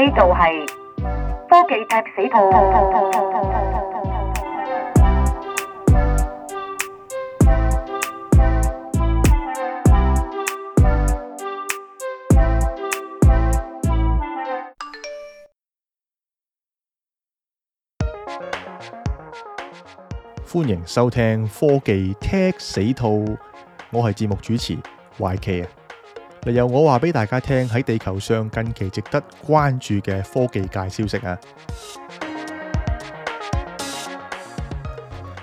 呢度係科技踢死兔。歡迎收聽《科技踢死兔》，我係節目主持 YK 啊。例由我話俾大家聽喺地球上近期值得關注嘅科技界消息啊！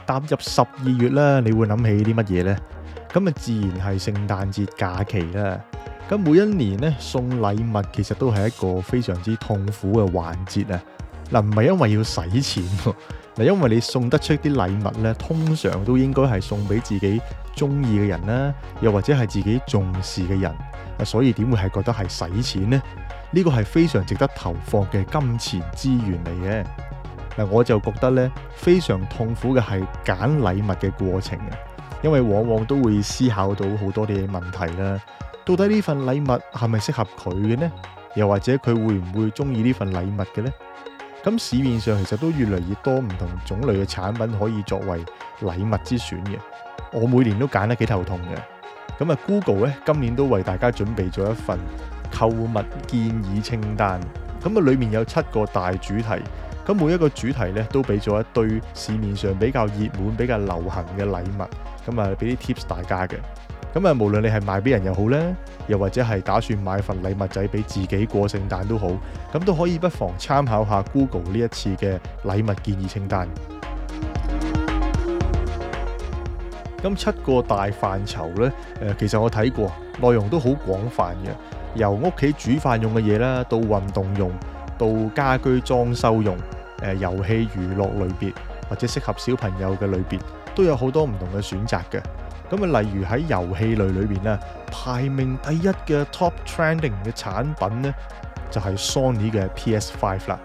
踏入十二月啦，你會諗起啲乜嘢呢？咁啊，自然係聖誕節假期啦。咁每一年呢，送禮物其實都係一個非常之痛苦嘅環節啊！嗱，唔係，因為要使錢，嗱，因為你送得出啲禮物咧，通常都應該係送俾自己中意嘅人啦，又或者係自己重視嘅人啊。所以點會，係覺得係使錢咧？呢個係非常值得投放嘅金錢資源嚟嘅。嗱，我就覺得咧，非常痛苦嘅係揀禮物嘅過程啊，因為往往都會思考到好多啲問題啦。到底呢份禮物係咪適合佢嘅呢？又或者佢會唔會中意呢份禮物嘅咧？咁市面上其實都越嚟越多唔同種類嘅產品可以作為禮物之選嘅，我每年都揀得幾頭痛嘅。咁啊，Google 咧今年都為大家準備咗一份購物建議清單，咁啊，裡面有七個大主題，咁每一個主題咧都俾咗一堆市面上比較熱門、比較流行嘅禮物，咁啊，俾啲 tips 大家嘅。咁啊，無論你係賣俾人又好咧，又或者係打算買份禮物仔俾自己過聖誕都好，咁都可以不妨參考下 Google 呢一次嘅禮物建議清單。咁七個大範疇呢，其實我睇過，內容都好廣泛嘅，由屋企煮飯用嘅嘢啦，到運動用，到家居裝修用，誒，遊戲娛樂類別或者適合小朋友嘅類別，都有好多唔同嘅選擇嘅。咁啊，例如喺遊戲類裏面咧，排名第一嘅 Top Trending 嘅產品咧，就係 Sony 嘅 PS5 啦。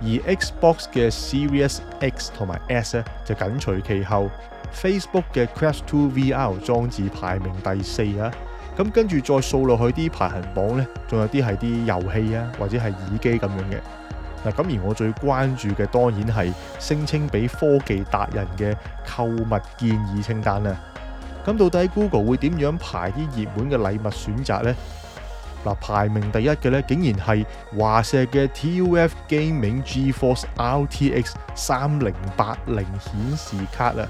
而 Xbox 嘅 Series X 同埋 S 咧，就緊隨其後。Facebook 嘅 Quest 2 VR 裝置排名第四啊。咁跟住再掃落去啲排行榜咧，仲有啲係啲遊戲啊，或者係耳機咁樣嘅。嗱，咁而我最關注嘅當然係聲稱俾科技達人嘅購物建議清單啦。咁到底 Google 會點樣排啲熱門嘅禮物選擇呢？嗱，排名第一嘅咧，竟然係華碩嘅 TUF Gaming GeForce RTX 三零八零顯示卡啦。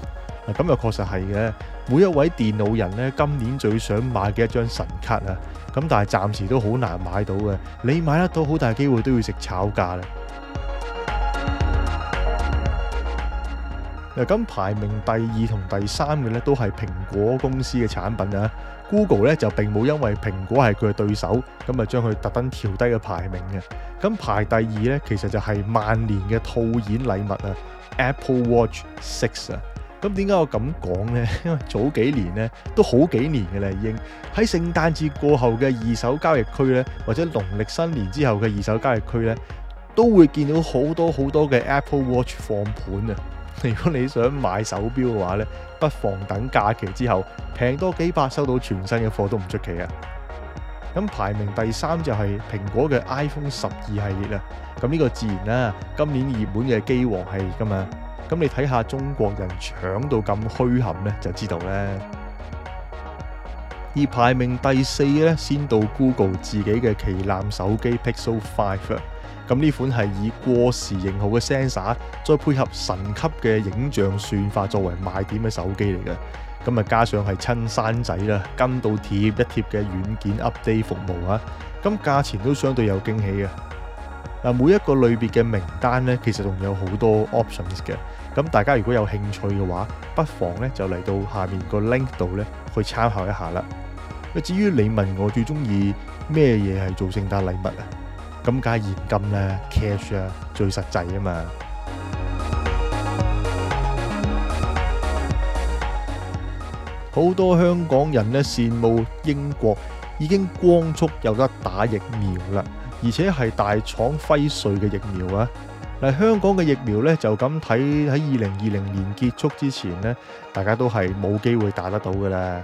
嗱，咁又確實係嘅，每一位電腦人咧，今年最想買嘅一張神卡啊！咁但係暫時都好難買到嘅，你買得到，好大機會都要食炒價啦。嗱，咁排名第二同第三嘅咧，都係蘋果公司嘅產品啊。Google 咧就並冇因為蘋果係佢嘅對手，咁啊將佢特登調低嘅排名嘅啊。咁排第二咧，其實就係萬年嘅套現禮物啊，Apple Watch Six 啊。咁點解我咁講呢？因為早幾年咧，都好幾年嘅啦，已經喺聖誕節過後嘅二手交易區咧，或者農曆新年之後嘅二手交易區咧，都會見到好多好多嘅 Apple Watch 放盤啊。如果你想買手錶嘅話咧，不妨等假期之後平多幾百收到全新嘅貨都唔出奇啊！咁排名第三就係蘋果嘅 iPhone 十二系列啦，咁呢個自然啦、啊，今年熱門嘅機王系列噶嘛，咁你睇下中國人搶到咁墟冚呢，就知道啦。而排名第四呢，先到 Google 自己嘅旗艦手機 Pixel Five。咁呢款係以過時型號嘅 sensor，再配合神級嘅影像算法作為賣點嘅手機嚟嘅。咁啊，加上係親生仔啦，跟到貼一貼嘅軟件 update 服務啊，咁價錢都相對有驚喜嘅。嗱，每一個類別嘅名單呢，其實仲有好多 options 嘅。咁大家如果有興趣嘅話，不妨呢就嚟到下面個 link 度呢去參考一下啦。至於你問我，我最中意咩嘢係做聖誕禮物啊？咁梗係現金呢、啊，cash 啊，最實際啊嘛！好多香港人呢，羨慕英國已經光速有得打疫苗啦，而且係大廠輝瑞嘅疫苗啊！嗱，香港嘅疫苗呢，就咁睇喺二零二零年結束之前呢，大家都係冇機會打得到㗎啦。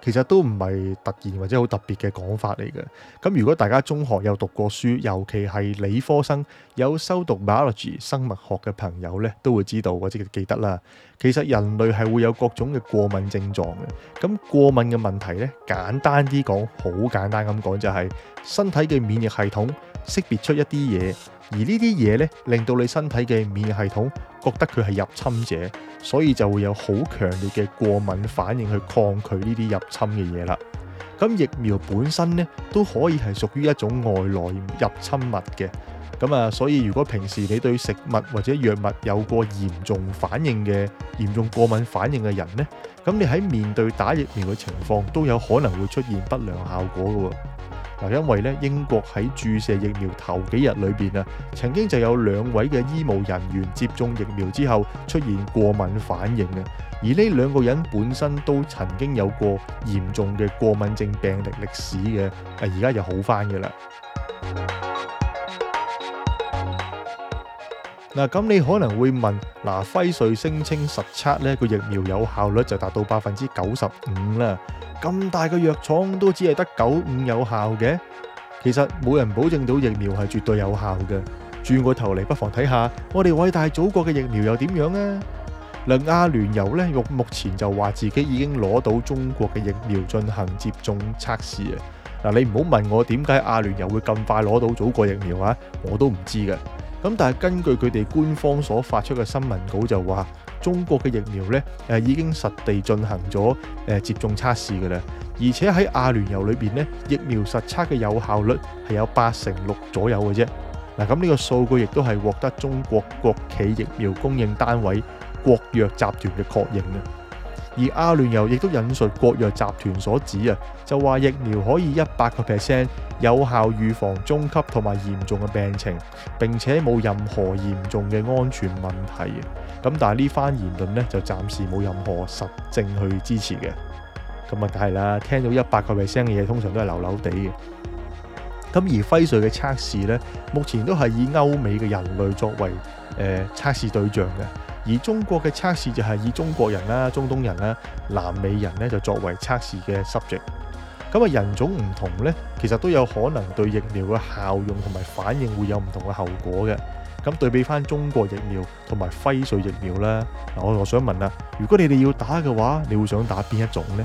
其實都唔係突然或者好特別嘅講法嚟嘅。咁如果大家中學有讀過書，尤其係理科生有修讀 biology 生物學嘅朋友呢，都會知道或者記得啦。其實人類係會有各種嘅過敏症狀嘅。咁過敏嘅問題呢，簡單啲講，好簡單咁講就係身體嘅免疫系統識別出一啲嘢。而呢啲嘢咧，令到你身體嘅免疫系統覺得佢係入侵者，所以就會有好強烈嘅過敏反應去抗拒呢啲入侵嘅嘢啦。咁疫苗本身咧都可以係屬於一種外來入侵物嘅。咁啊，所以如果平時你對食物或者藥物有過嚴重反應嘅嚴重過敏反應嘅人咧，咁你喺面對打疫苗嘅情況都有可能會出現不良效果㗎喎。嗱，因為咧，英國喺注射疫苗頭幾日裏邊啊，曾經就有兩位嘅醫務人員接種疫苗之後出現過敏反應嘅，而呢兩個人本身都曾經有過嚴重嘅過敏症病歷歷史嘅，而家又好翻嘅啦。嗱，咁你可能會問，嗱，輝瑞聲稱實測呢個疫苗有效率就達到百分之九十五啦，咁大個藥廠都只係得九五有效嘅。其實冇人保證到疫苗係絕對有效嘅。轉過頭嚟，不妨睇下我哋偉大祖國嘅疫苗又點樣啊？嗱，阿聯酋呢，目目前就話自己已經攞到中國嘅疫苗進行接種測試啊。嗱，你唔好問我點解阿聯酋會咁快攞到祖國疫苗啊，我都唔知嘅。咁但係根據佢哋官方所發出嘅新聞稿就話，中國嘅疫苗咧，誒已經實地進行咗誒接種測試嘅啦，而且喺阿聯酋裏邊咧，疫苗實測嘅有效率係有八成六左右嘅啫。嗱，咁呢個數據亦都係獲得中國國企疫苗供應單位國藥集團嘅確認啊。而阿聯酋亦都引述國藥集團所指啊，就話疫苗可以一百個 percent 有效預防中級同埋嚴重嘅病情，並且冇任何嚴重嘅安全問題嘅。咁但係呢番言論咧就暫時冇任何實證去支持嘅。咁啊，梗係啦，聽到一百個 percent 嘅嘢，通常都係流流地嘅。咁而輝瑞嘅測試咧，目前都係以歐美嘅人類作為誒測試對象嘅。而中國嘅測試就係以中國人啦、中東人啦、南美人咧就作為測試嘅 subject。咁啊，人種唔同呢，其實都有可能對疫苗嘅效用同埋反應會有唔同嘅後果嘅。咁對比翻中國疫苗同埋輝瑞疫苗啦，嗱，我我想問啊，如果你哋要打嘅話，你會想打邊一種呢？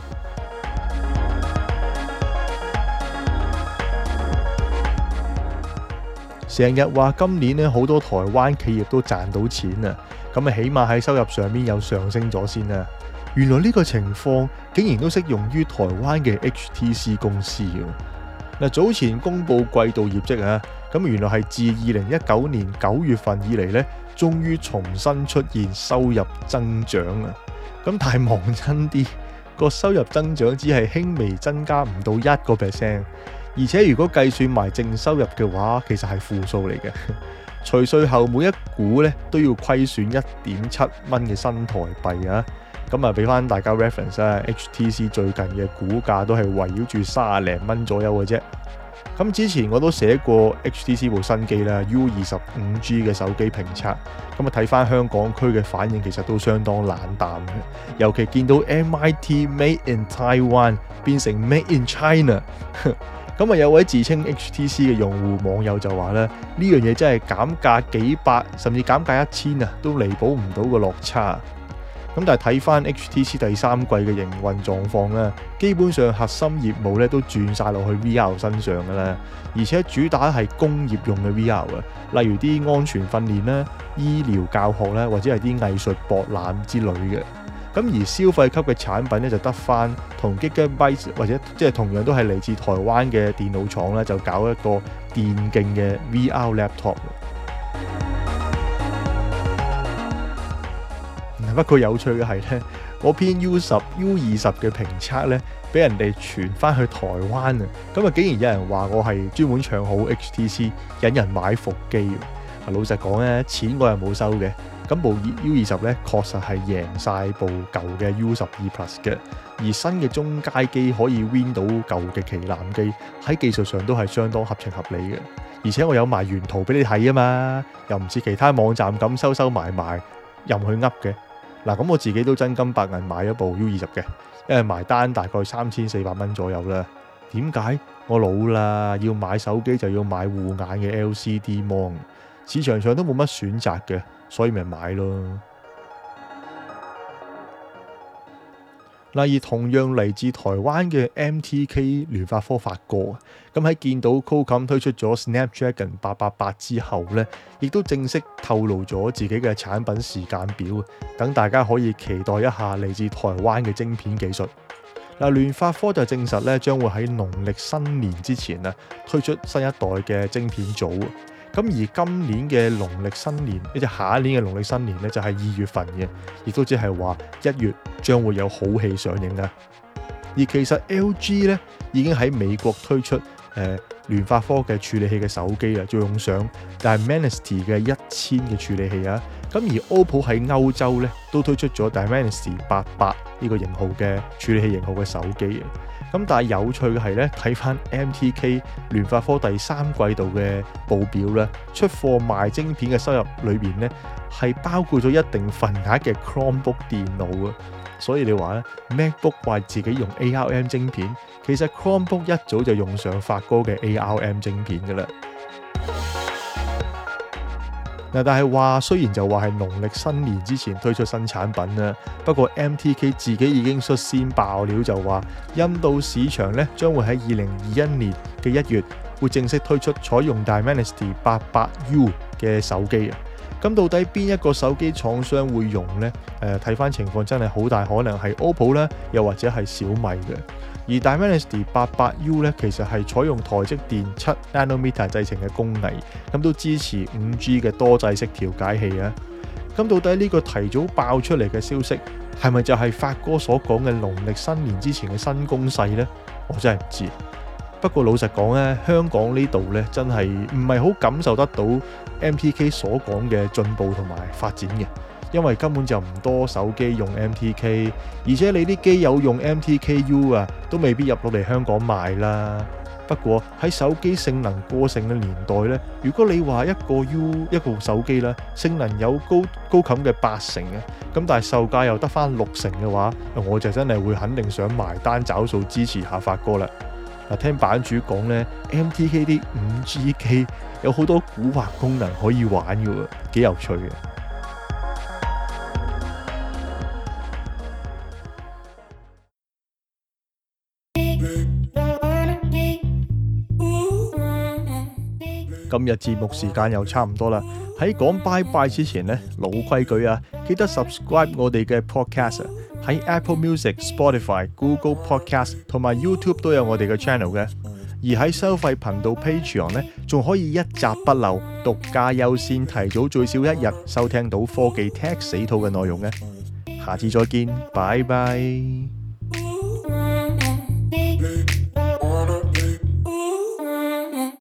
成日話今年呢，好多台灣企業都賺到錢啊！咁啊，起碼喺收入上面有上升咗先啦、啊。原來呢個情況竟然都適用於台灣嘅 HTC 公司嘅。嗱，早前公布季度業績啊，咁原來係自二零一九年九月份以嚟呢，終於重新出現收入增長啊。咁但係望真啲，個收入增長只係輕微增加，唔到一個 percent。而且如果計算埋淨收入嘅話，其實係負數嚟嘅。除稅後每一股咧都要虧損一點七蚊嘅新台幣啊！咁啊，俾翻大家 reference 啦，HTC 最近嘅股價都係圍繞住三啊零蚊左右嘅啫。咁之前我都寫過 HTC 部新機啦，U 二十五 G 嘅手機評測。咁啊，睇翻香港區嘅反應其實都相當冷淡嘅，尤其見到 MIT Made in Taiwan 變成 Made in China。 咁啊，有位自稱 HTC 嘅用戶網友就話咧，呢樣嘢真係減價幾百，甚至減價一千啊，都彌補唔到個落差。咁但係睇翻 HTC 第三季嘅營運狀況咧，基本上核心業務咧都轉晒落去 VR 身上噶啦，而且主打係工業用嘅 VR，例如啲安全訓練咧、醫療教學咧，或者係啲藝術博覽之類嘅。咁而消費級嘅產品咧，就得翻同 Gigabyte 或者即係同樣都係嚟自台灣嘅電腦廠咧，就搞一個電競嘅 VR laptop。 不過有趣嘅係咧，我篇 U 十、U 二十嘅評測咧，俾人哋傳翻去台灣啊，咁啊竟然有人話我係專門唱好 HTC，引人買伏機。啊，老實講咧，錢我又冇收嘅。咁部 U 二十咧，確實係贏晒部舊嘅 U 十二 Plus 嘅。而新嘅中階機可以 Win 到舊嘅旗艦機，喺技術上都係相當合情合理嘅。而且我有埋原圖俾你睇啊嘛，又唔似其他網站咁收收埋埋，又唔去噏嘅嗱。咁我自己都真金白銀買咗部 U 二十嘅，因為埋單大概三千四百蚊左右啦。點解？我老啦，要買手機就要買護眼嘅 LCD 芒，市場上都冇乜選擇嘅。所以咪買咯。例如同樣嚟自台灣嘅 MTK 聯發科發哥，咁喺見到 Qualcomm 推出咗 Snapdragon 八八八之後呢亦都正式透露咗自己嘅產品時間表，等大家可以期待一下嚟自台灣嘅晶片技術。嗱，聯發科就證實咧，將會喺農曆新年之前啊推出新一代嘅晶片組。咁而今年嘅農曆新年，即係下一年嘅農曆新年咧，就係二月份嘅，亦都即係話一月將會有好戲上映嘅。而其實 LG 咧已經喺美國推出呃、聯發科嘅處理器嘅手機啊，用上 Dimensity 嘅一千嘅處理器啊。咁而 OPPO 喺歐洲咧都推出咗 Dimensity 八八呢個型號嘅處理器型號嘅手機。咁但係有趣嘅係咧，睇翻 MTK 聯發科第三季度嘅報表咧，出貨賣晶片嘅收入裏邊咧，係包括咗一定份額嘅 Chromebook 電腦啊。所以你話咧，MacBook 話自己用 ARM 晶片，其實 Chromebook 一早就用上發哥嘅 ARM 晶片㗎啦。嗱，但係話雖然就話係農曆新年之前推出新產品啦，不過 MTK 自己已經率先爆料就話，印度市場咧將會喺二零二一年嘅一月會正式推出採用 Dimensity 八百 U 嘅手機啊！咁到底邊一個手機廠商會用呢？誒、呃，睇返情況真係好大可能係 OPPO 啦，又或者係小米嘅。而 Dimensity 88U 咧，其實係採用台積電 7nm 製程嘅工藝，咁都支持 5G 嘅多制式調解器啊。咁到底呢個提早爆出嚟嘅消息，係咪就係發哥所講嘅農曆新年之前嘅新攻勢咧？我真係唔知。不過老實講咧，香港呢度咧真係唔係好感受得到 MTK 所講嘅進步同埋發展嘅。因為根本就唔多手機用 MTK，而且你啲機有用 MTK U 啊，都未必入到嚟香港賣啦。不過喺手機性能過剩嘅年代呢，如果你話一個 U 一部手機啦，性能有高高級嘅八成啊，咁但係售價又得翻六成嘅話，我就真係會肯定想埋單找數支持下發哥啦。聽版主講呢，MTK 啲五 G 機有好多古惑功能可以玩嘅喎，幾有趣嘅。今日節目時間又差唔多啦，喺講拜拜之前咧，老規矩啊，記得 subscribe 我哋嘅 podcast 喺、啊、Apple Music、Spotify、Google Podcast 同埋 YouTube 都有我哋嘅 channel 嘅，而喺收費頻道 Patreon 呢，仲可以一集不漏、獨家優先、提早最少一日收聽到科技 Tech 死兔嘅內容嘅。下次再見，拜拜。